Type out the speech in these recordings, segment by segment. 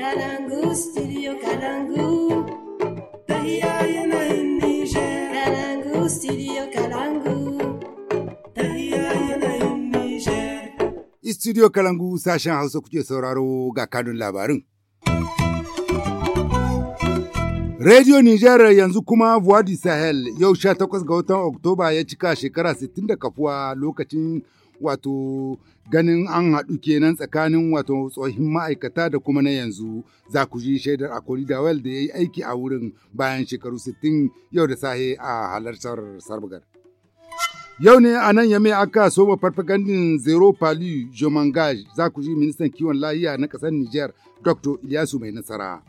Kalangu, studio Kalangu. Tahiya yanayin Niger. Kalangu, studio Kalangu. Tahiya yanayin Niger. Studio Kalangu sashen Hausa kuke sauraro ga kanun labarin. Radio Nijar yanzu kuma Vuadi Sahel yau 18 ga watan Oktoba ya cika shekara 60 da kafuwa lokacin wato ganin an haɗu kenan tsakanin wato tsohin ma'aikata da kuma na yanzu za ku ji shaidar akoli dawal da ya yi aiki a wurin bayan shekaru 60 yau da sahe a halartar sarbagar. Yau ne a nan yame aka soma farfagandin Zero Palu Jomangaj za ku ji ministan kiwon lahiya na ƙasar Nijar Dr. Ilyasu mai nasara.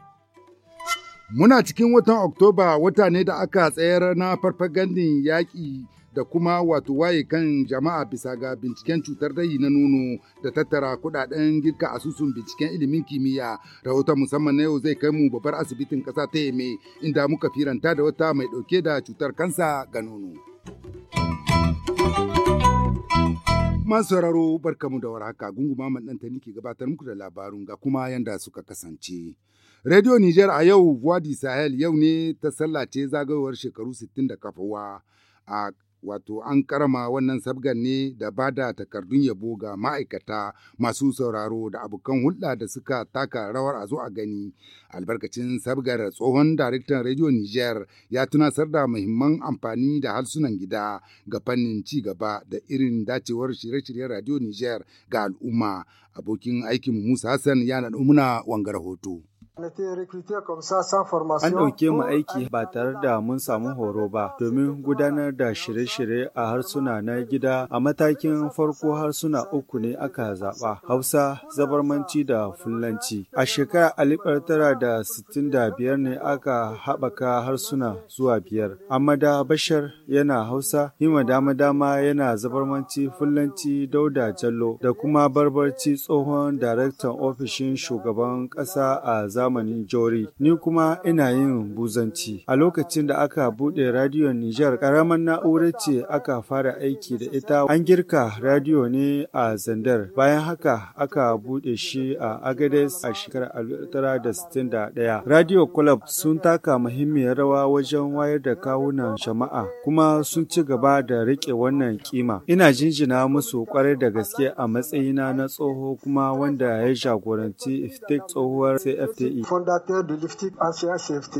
Muna cikin watan Oktoba wata ne da aka tsayar na farfagandin yaƙi da kuma wato waye kan jama'a bisa ga binciken cutar dai na nono da tattara kudaden girka asusun binciken ilimin kimiyya rahoton musamman na yau zai kai mu babbar asibitin kasa ta yame inda muka firanta da wata mai dauke da cutar kansa ga nono. Masu sauraro barkamu da warhaka gunguma maɗanta nike gabatar muku da labarun ga kuma yanda suka kasance. Radio Niger a yau Wadi Sahel yau ne ta sallace zagayowar shekaru 60 da kafawa a wato an karama wannan sabgan ne da ba da takardun yabo ga ma'aikata masu sauraro da abokan hulɗa da suka taka rawar a zo a gani albarkacin sabgar tsohon daraktan radio niger ya tunasar da muhimman amfani da harsunan gida ga fannin ci gaba da irin dacewar shirye-shiryen radio niger ga al'umma abokin aikin musa hassan ya naɗo wangar hoto An ɗauke mu aiki ba tare da mun samu horo ba domin gudanar da shirye-shirye a harsuna na gida a matakin farko harsuna uku ne aka zaɓa Hausa, Zabarmanci da Fulanci. A shekarar alifar tara da sittin da biyar ne aka haɓaka harsuna zuwa biyar. Amada Bashar yana Hausa, Hima Dama Dama yana Zabarmanci, Fulanci, Dauda Jallo da kuma Barbarci tsohon daraktan ofishin shugaban ƙasa a zamanin Jori, ni kuma ina yin buzanci. A lokacin da aka buɗe radiyon Nijar, ƙaramar na'ura ce aka fara aiki da ita. An girka radiyo ne a Zandar, bayan haka aka buɗe shi a Agades a shekarar 1961. Radio Club sun taka muhimmiyar rawa wajen wayar da kawunan jama'a, kuma sun ci gaba da riƙe wannan kima. Ina jinjina musu kwarai da gaske a matsayina na tsoho kuma wanda ya jagoranci iftik tsohuwar CFT e. E. fondateur de Liftik ancien CFT.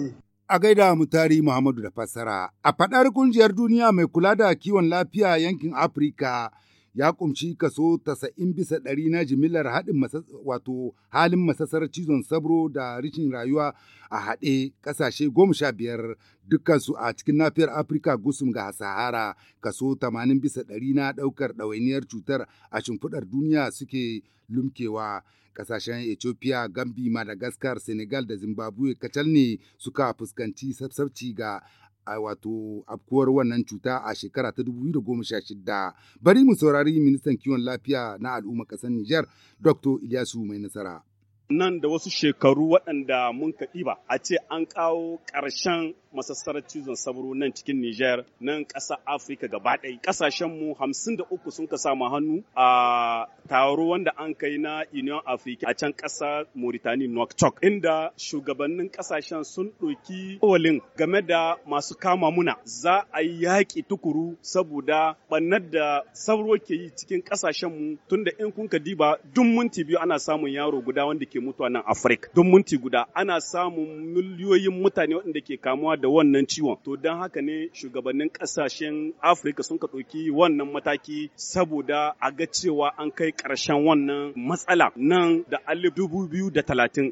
a gaida mutari Muhammadu da fassara. A faɗar kungiyar duniya mai kula da kiwon lafiya yankin Afirka ya kumci kaso 90 bisa ɗari na jimillar haɗin wato halin masasar cizon sabro da rikin rayuwa a haɗe ƙasashe goma sha biyar dukkansu a cikin nafiyar Afirka gusum ga Sahara kaso 80 bisa ɗari na ɗaukar ɗawainiyar cutar a shimfiɗar duniya suke lumkewa. Ƙasashen Ethiopia, Gambi, Madagascar, Senegal da Zimbabwe kacal ne suka fuskanci sabsabci ga a wato afkuwar wannan cuta a shekara ta 2016 bari mu saurari ministan kiwon lafiya na al'umma ƙasar Nijar Dr. Ilyasu mai nasara. nan da wasu shekaru waɗanda mun ka ɗiba a ce an kawo ƙarshen masassarar cizon sauro nan cikin Nijar nan ƙasa Afirka gaba ɗaya. Ƙasashen mu hamsin da uku sun ka samu hannu a taro wanda an kai na Union Africa a can ƙasa Mauritania Tok. inda shugabannin ƙasashen sun ɗoki kowalin game da masu kama muna za a yi yaƙi tukuru saboda ɓannar da sauro ke yi cikin ƙasashen mu tunda in kun ka diba duk minti biyu ana samun yaro guda wanda ke mutuwa nan Don minti guda ana samun miliyoyin mutane waɗanda ke kamuwa da wannan ciwon. To don haka ne shugabannin ƙasashen Afirka sun ka ɗauki wannan mataki saboda a ga cewa an kai ƙarshen wannan matsala nan da alif dubu biyu da talatin.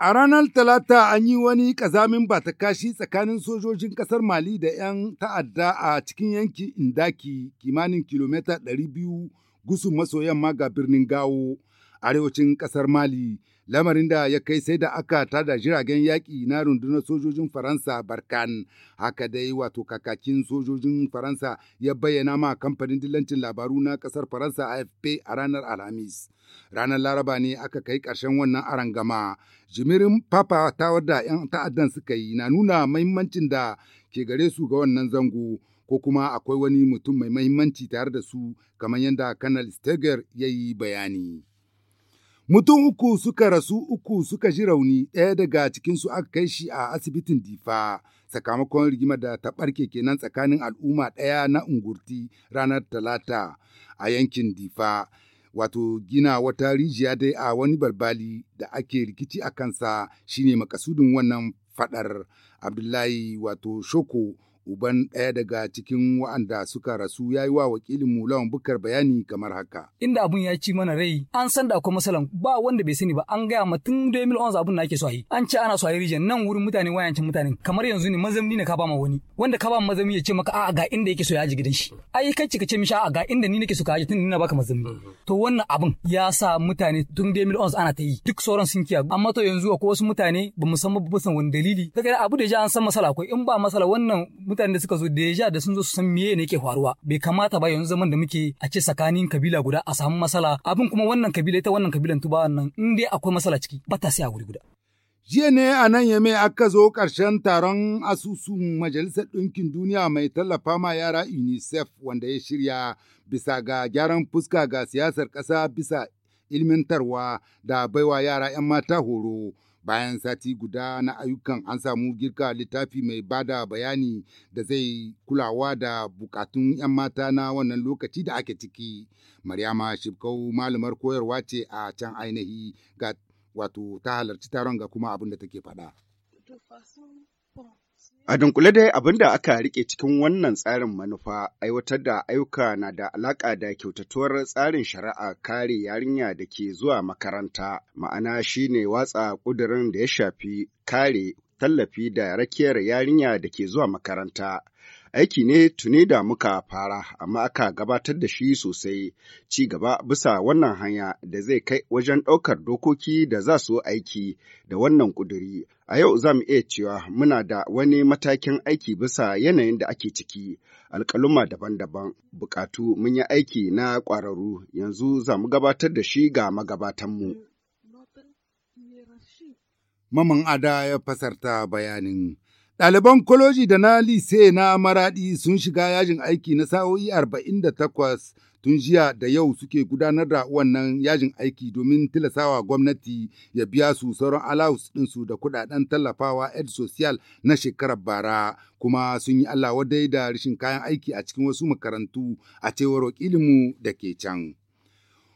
A ranar Talata an yi wani ƙazamin batakashi tsakanin sojojin ƙasar Mali da 'yan ta'adda a cikin yankin Indaki kimanin kilomita 200 gusu maso yamma ga birnin Gawo, arewacin kasar Mali, lamarin da ya kai sai da aka tada jiragen yaƙi na rundunar sojojin Faransa Barkan. Haka dai wato kakakin sojojin Faransa ya bayyana ma kamfanin dillancin labaru na kasar Faransa AFP a ranar Alhamis. Ranar Laraba ne aka kai ƙarshen wannan arangama. Jimirin papa fafatawar da 'yan ta'addan suka yi na nuna mahimmancin da ke gare su ga wannan zango. ko kuma akwai wani mutum mai mahimmanci tare da su kamar yadda kanal steger ya yi bayani mutum uku suka rasu uku suka ji rauni ɗaya daga cikinsu aka kai shi a asibitin difa sakamakon rigimar da ta ɓarke kenan tsakanin al'umma ɗaya na ungurti ranar talata a yankin difa wato gina wata rijiya dai a wani balbali da ake rikici a kansa shine makasudin wannan faɗar abdullahi wato shoko uban ɗaya daga cikin wa'anda suka rasu ya yi wa wakilin mu lawan bukar bayani kamar haka. Inda abun ya ci mana rai an san da akwai matsalan ba wanda bai sani ba an gaya ma tun 2011 abun da ake so a yi an ce ana so a yi rijiyar nan wurin mutane can mutane. kamar yanzu ne mazamni ne ka ba ma wani wanda ka ba mazamni ya ce maka a'a ga inda yake so ya ji gidan shi ai kai ka ce mishi a'a ga inda ni nake so ka ji tun ina baka mazamni mhm. to wannan abun ya sa mutane tun 2011 ana ta yi duk sauran sun kiya amma to yanzu akwai wasu mutane ba mu san ba san wani dalili kaga abu da ya an san masala akwai in ba masala wannan mutanen da suka zo deja da sun zo su san meye ne yake faruwa bai kamata ba yanzu zaman da muke a ce tsakanin kabila guda a samu masala abin kuma wannan kabila ita wannan kabilan tuba nan in dai akwai masala ciki ba ta sai a wuri guda Jiya ne a nan ya mai aka zo ƙarshen taron asusun Majalisar Ɗinkin Duniya mai tallafa ma yara UNICEF wanda ya shirya bisa ga gyaran fuska ga siyasar ƙasa bisa ilmintarwa da baiwa yara 'yan mata horo. bayan sati guda na ayyukan an samu girka littafi mai bada bayani da zai kulawa da bukatun 'yan mata na wannan lokaci da ake ciki maryama shibkau malamar koyarwa ce a can ainihi ga wato ta halarci taron ga kuma abin da take faɗa. A dunkule dai abin da aka rike cikin wannan tsarin manufa aiwatar da ayyuka na da alaƙa da kyautatuwar tsarin shari'a kare yarinya da ke zuwa makaranta ma'ana shine watsa ƙudurin da ya shafi kare tallafi da rakiyar yarinya da ke zuwa makaranta aiki ne tuni da muka fara amma aka gabatar da shi sosai ci gaba bisa wannan hanya da zai kai wajen ɗaukar dokoki da za su aiki da wannan ƙuduri. A yau za mu iya cewa muna da wani matakin aiki bisa yanayin da ake ciki, alƙaluma daban-daban, buƙatu mun yi aiki na ƙwararru yanzu za mu gabatar da shi ga magabatanmu. Maman Ada ya fasarta bayanin Ɗaliban Koloji da na lise na maraɗi sun shiga yajin aiki na sa'o'i 48 tun jiya da yau suke gudanar da wannan yajin aiki domin tilasawa gwamnati ya biya su sauran alawus ɗinsu da kuɗaɗen tallafawa ed social na shekarar bara kuma sun yi Allah wadai da rashin kayan aiki a cikin wasu makarantu a cewar ilimu da ke can.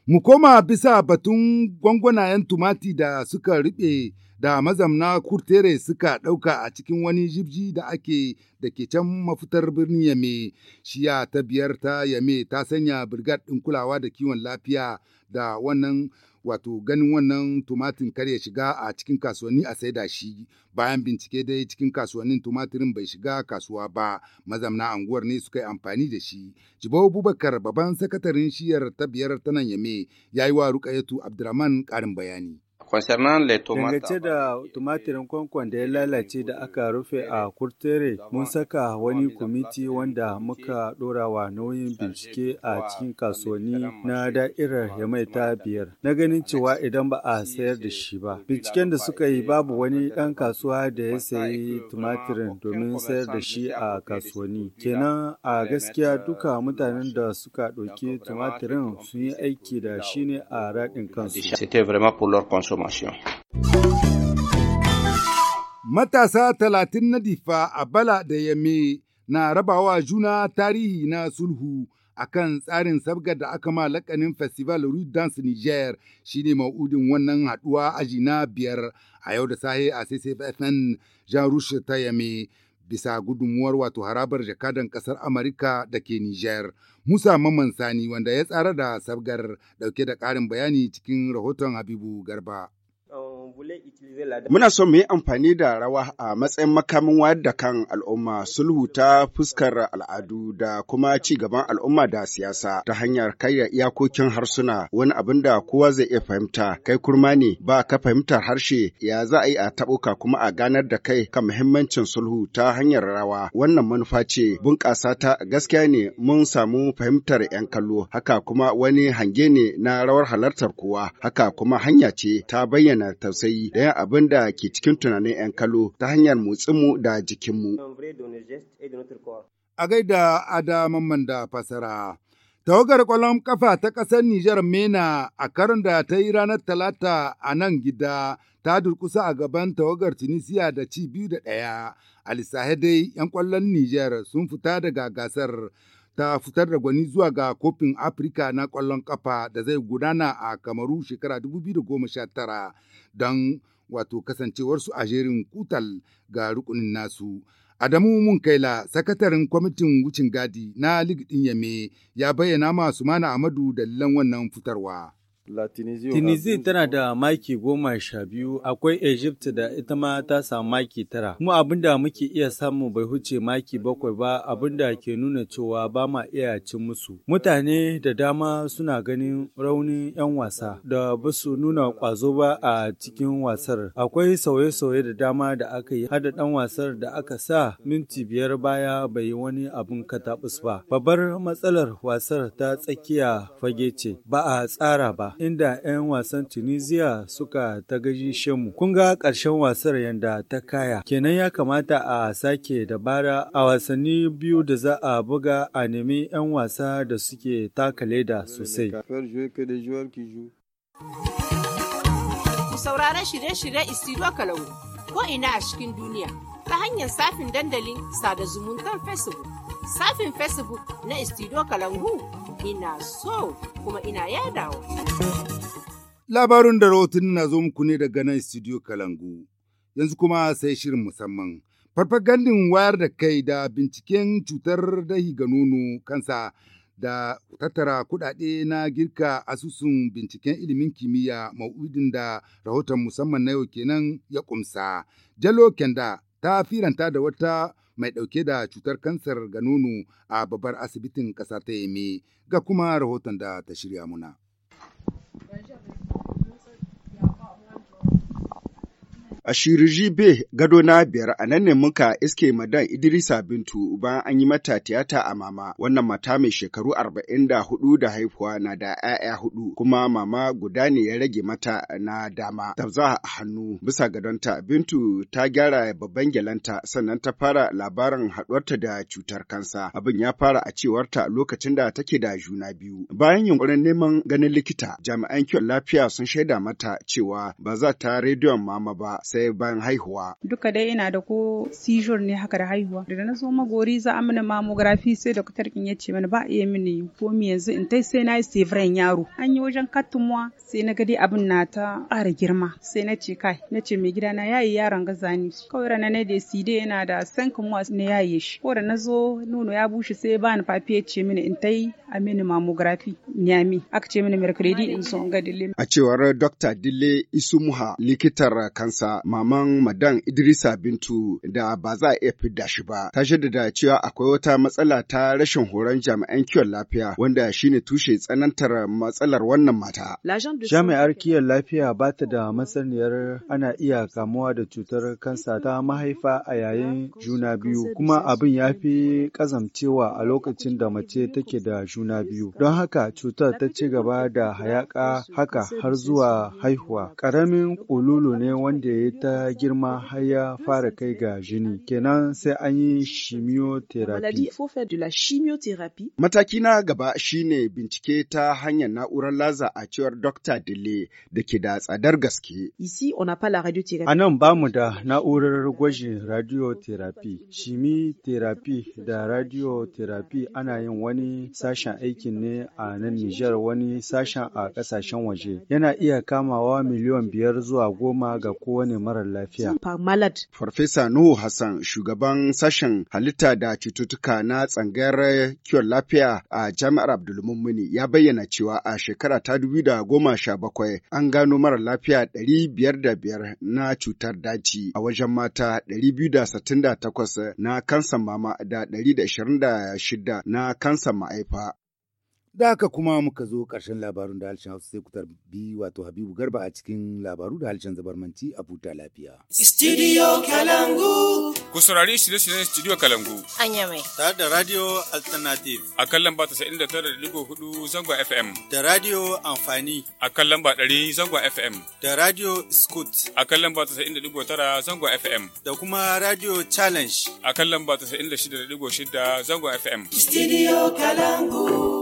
Mu koma bisa batun gwangwanayen tumati da suka riɓe da mazamna kurtere suka ɗauka a cikin wani jibji da ake da ke can mafitar birnin yame shiya ta biyar ta yame ta sanya birgad ɗin kulawa da kiwon lafiya da wannan wato ganin wannan tumatin kar ya shiga a cikin kasuwanni a saida shi bayan bincike dai cikin kasuwannin tumatirin bai shiga kasuwa ba mazamna anguwar ne suka yi amfani da shi jibau bubakar babban sakatarin shiyar ta biyar ta nan yame ya yi wa rukayatu abdurrahman karin bayani Dangace da tumatirin kwankwan da ya lalace da aka rufe a kurtere, mun saka wani kwamiti wanda muka ɗorawa nauyin bincike a cikin kasuwanni na da'irar Yamai ta biyar. Na ganin cewa idan ba a sayar da shi ba. Binciken da suka yi babu wani ɗan kasuwa da ya sayi tumatirin domin sayar da shi a kasuwanni. Kenan a gaskiya duka mutanen da suka ɗauki tumatirin sun yi aiki da shi ne a raɗin kansu. information. Matasa talatin na difa a Bala da Yame na rabawa juna tarihi na sulhu a kan tsarin sabgar da aka ma lakanin Festival Rue Dance Niger shine ma'udin wannan haɗuwa aji na biyar a yau da sahe a CCFN Jean Rouge ta Yame. bisa gudunmuwar wato harabar jakadan ƙasar Amurka da ke Niger, Musa Mamman Sani wanda ya tsara da sabgar ɗauke da ƙarin bayani cikin rahoton Habibu Garba. Muna so mu yi amfani da rawa a matsayin makamin wayar da kan al'umma sulhu ta fuskar al'adu da kuma ci gaban al'umma da siyasa ta hanyar karya iyakokin harsuna wani abin da kowa zai iya fahimta kai kurma ne ba ka fahimtar harshe ya za a yi a taɓuka kuma a ganar da kai kan muhimmancin sulhu ta hanyar rawa wannan manufa ce bunƙasa ta gaskiya ne mun samu fahimtar 'yan kallo haka kuma wani hange ne na rawar halartar kowa haka kuma hanya ce ta bayyana ta. sosai da yin abin da ke cikin tunanin 'yan kalo ta hanyar motsinmu da jikinmu. A gaida Adaman da fasara. Tawagar ƙwallon ƙafa ta ƙasar Nijar Mena a karin da ta yi ranar Talata a nan gida ta durkusa a gaban tawagar Tunisiya da ci biyu da ɗaya. Alisa dai 'yan kwallon Nijar sun fita daga gasar ta fitar da gwani zuwa ga kofin Afirka na ƙwallon ƙafa da zai gudana a Kamaru shekara 2019 don wato kasancewarsu a jerin kutal ga rukunin nasu. Adamu mun Munkaila, sakataren kwamitin wucin gadi na ɗin Yame, ya bayyana masu mana Amadu dalilan wannan fitarwa. Tunisia tana da maki goma sha biyu, akwai Egypt da ita ma ta samu maki tara. Mu abinda muke iya samu bai huce maki bakwai ba abinda ke nuna cewa ba ma iya cin musu. Mutane da dama suna ganin raunin 'yan wasa da ba su nuna ƙwazo ba a cikin wasar. Akwai sauye-sauye da dama da aka yi hada ɗan wasar da aka sa minti biyar baya bai yi wani abin kataɓus ba. Babbar matsalar wasar ta tsakiya fage ce, ba a tsara ba. inda 'yan wasan Tunisia suka ta gaji shemu. Kun ga ƙarshen wasar yanda ta kaya. Kenan ya kamata a sake dabara a wasanni biyu da za a buga a nemi 'yan wasa da suke taka leda sosai. Sauraron shirye-shirye Istido Kalau ko ina a cikin duniya ta hanyar safin dandalin sada zumuntar Facebook. Safin Facebook na Istido Kalangu ina so kuma ina yadawa. Labarin da rahoton na zo muku ne daga nan studio Kalangu, yanzu kuma sai shirin musamman. Farfagandin wayar da kai da binciken cutar dahi ga nono kansa da tattara kuɗaɗe na girka asusun binciken ilimin kimiyya ma'udin da rahoton musamman na yau kenan ya kumsa. Jalo Kenda ta firanta da wata mai ɗauke da cutar kansar ga nono a babbar asibitin ƙasa ta Yeme ga kuma rahoton da ta shirya muna. A shiriji be gado na biyar a nan ne muka iske madan Idrisa Bintu bayan an yi mata tiyata a mama. Wannan mata mai shekaru arba'in da hudu da haihuwa na da 'ya'ya hudu kuma mama guda ne ya rage mata na dama. Tabza a hannu bisa gadonta Bintu ta gyara babban gyalanta sannan ta fara labarin haɗuwarta da cutar kansa. Abin ya fara a cewarta lokacin da take da juna biyu. Bayan yunkurin neman ganin likita jami'an kiwon lafiya sun shaida mata cewa ba za ta rediyon mama ba sai ban haihuwa. Duka dai ina da ko seizure ne haka da haihuwa. Da na zo magori za a mana mammography sai da kutarkin ya ce mana ba iya mini komi yanzu in tai sai na yi sevran yaro. An yi wajen katumwa. sai na gadi dai abin na ta ƙara girma. Sai na ce kai na ce mai gida na yayi yaron gaza zani Kawai rana na da side yana da sankumuwa ne ya yi shi. Ko da na zo nono ya bushe sai ba ni fafi ya ce mini in tai a mini mammography nyami. Aka ce mini mercredi in so in ga dille. A cewar Dr. Dille Isumuha likitar kansa maman Madan Idrisa Bintu da ba za a iya fidda shi ba. Ta jaddada cewa akwai wata matsala ta rashin horon jami'an kiwon lafiya wanda shine tushe tsanantar matsalar wannan mata. Jami'ar kiwon lafiya ba ta da masaniyar ana iya kamuwa da cutar kansa ta mahaifa a yayin juna biyu kuma abin ya fi kazamcewa a lokacin da mace take da juna biyu. Don haka cutar ta ci gaba da hayaka haka har zuwa haihuwa. Ƙaramin ƙululu ne wanda ya ta girma har ya fara kai ga jini kenan sai an yi chemotherapy mataki na gaba shine bincike ta hanyar na'urar laza a cewar dr dile da ke da tsadar gaske a nan ba mu da na'urar gwajin radiotherapy chemotherapy da radiotherapy ana yin wani sashen aikin ne a nan nijar wani sashen a kasashen waje yana iya kamawa miliyan biyar zuwa goma ga kowane marar lafiya. Farfesa Nuhu Hassan, shugaban sashen halitta da cututtuka na tsangayar kiwon lafiya a Jami'ar Abdulmumuni ya bayyana cewa a shekara ta da goma sha bakwai an gano marar lafiya ɗari biyar da biyar na cutar daji a wajen mata ɗari biyu da sittin da takwas na kansan mama da ɗari da da shida na kansan ma'aifa. Da haka kuma muka zo ƙarshen labarun da halshen Hausa sai ku tarbi wato Habibu Garba a cikin labaru da harshen zabarmanci a buta lafiya. Studio Kalangu. Ku saurari shirye-shiryen Studio Kalangu. Anya mai. Tare da Radio Alternative. A kan lamba hudu zangon FM. Da Radio Amfani. A kan lamba 100 zangon FM. Da Radio Scoot. A kan lamba tara zangon FM. Da kuma Radio Challenge. A kan lamba 96.6 zangon FM. Studio Kalangu.